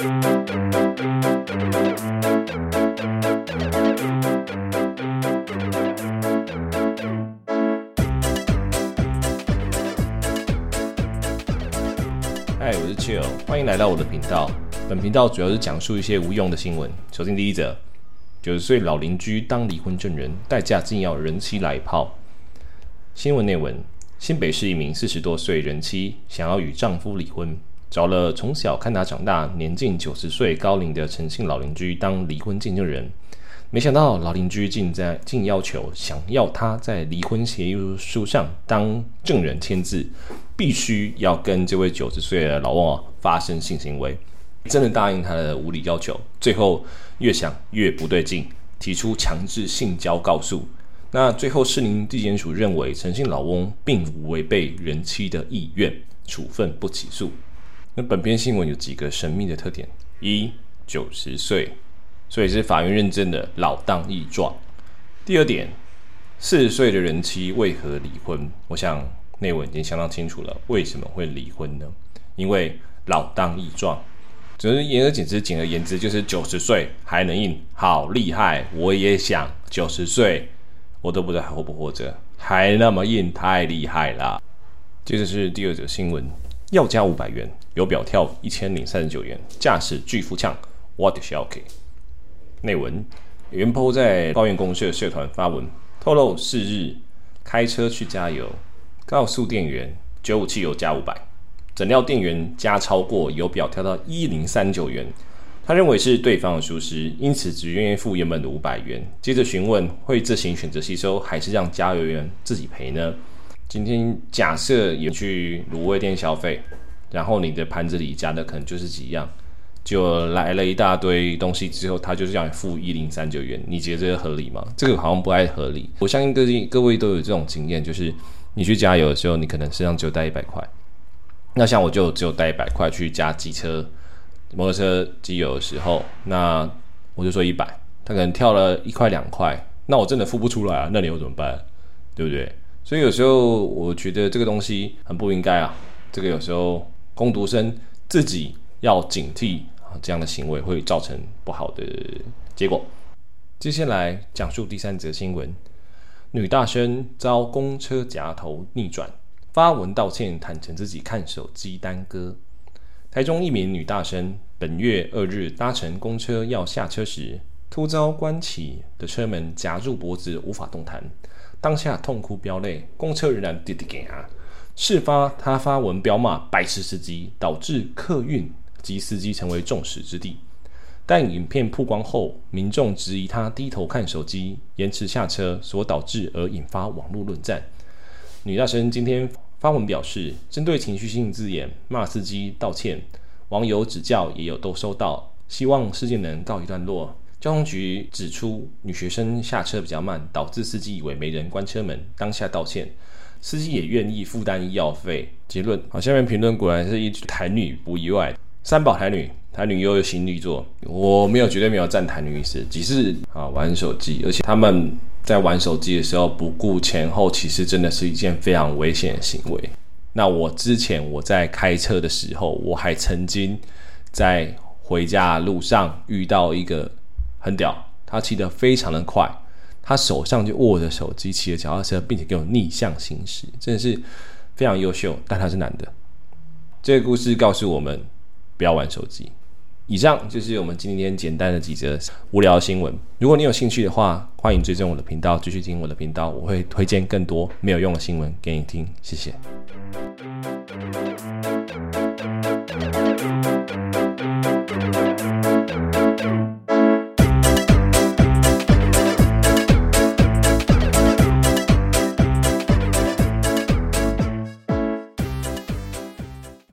嗨，我是 Chill，歡迎來到我的頻道。本頻道主要是講述一些無用的新聞。首先，第一則：九十歲老鄰居當離婚證人，代價竟要人妻來泡。新聞內文：新北市一名四十多歲人妻，想要與丈夫離婚。找了從小看他長大、年近九十歲高齡的陳姓老鄰居當離婚見證人，沒想到老鄰居竟在竟要求想要他在離婚協議書上當證人簽字，必須要跟這位九十歲的老翁哦發生性行為，真的答應他的無理要求。最後越想越不對勁，提出強制性交告訴。那最後，士林地檢署認為陳姓老翁並無違背人妻的意願，處分不起訴。那本篇新聞有幾個神秘的特點一：一九十歲，所以是法院認證的老當益壯；第二點，四十歲的人妻為何離婚？我想內文已經相當清楚了。為什麼會離婚呢？因為老當益壯。總之言而總之，簡而言之就是九十歲還能硬，好厲害！我也想九十歲，我都不知道還活不活着，還那麼硬，太厲害啦。接着是第二則新聞，要加五百元。油表跳一千零三十九元，駕駛巨幅嗆，what is OK？內文，原 PO 在抱怨公社社團發文，透露四日開車去加油，告訴店員九五汽油加五百，怎料店員加超過，油表跳到一零三九元，他認為是對方的疏失，因此只願意付原本的五百元，接着詢問會自行選擇吸收，還是讓加油員自己賠呢？今天假設也去滷味店消費。然後你的盤子裡加的可能就是幾樣，就來了一大堆東西之後，他就是讓你付一零三九元，你覺得這個合理嗎？這個好像不太合理。我相信各位各位都有這種經驗，就是你去加油的時候，你可能身上只有帶一百塊，那像我就只有帶一百塊去加機車、摩托車機油的時候，那我就說一百，他可能跳了一塊兩塊，那我真的付不出來啊，那你又怎麼辦？對不對？所以有時候我覺得這個東西很不應該啊，這個有時候。工讀生自己要警惕啊，這樣的行為會造成不好的結果。接下來講述第三則新聞：女大生遭公車夾頭逆轉，發文道歉，坦承自己看手機耽擱。台中一名女大生本月二日搭乘公車要下車時，突遭關起的車門夾住脖子無法動彈，當下痛哭飆淚，公車仍然滴滴啊事發，他發文彪罵白痴司機，導致客運及司機成為眾矢之的。但影片曝光後，民眾質疑他低頭看手機、延遲下車所導致，而引發網絡論戰。女大生今天發文表示，針對情緒性字眼罵司機道歉，網友指教也有都收到，希望事件能告一段落。交通局指出，女學生下車比較慢，導致司機以為沒人關車門，當下道歉。司機也願意負擔醫藥費。結論好，下面評論果然是一句，台女，不意外，三寶台女，台女又有新動作。我沒有絕對沒有站台女意思，只是啊玩手機，而且他們在玩手機的時候不顧前後，其實真的是一件非常危險的行為。那我之前我在開車的時候，我還曾經在回家路上遇到一個很屌，他騎得非常的快。他手上就握着手機，騎着腳踏車，並且給我逆向行駛，真的是非常優秀。但他是男的。這個故事告訴我們，不要玩手機。以上就是我們今天簡單的幾則無聊新聞。如果你有興趣的話，歡迎追蹤我的頻道，繼續聽我的頻道。我會推薦更多沒有用的新聞給你聽。謝謝。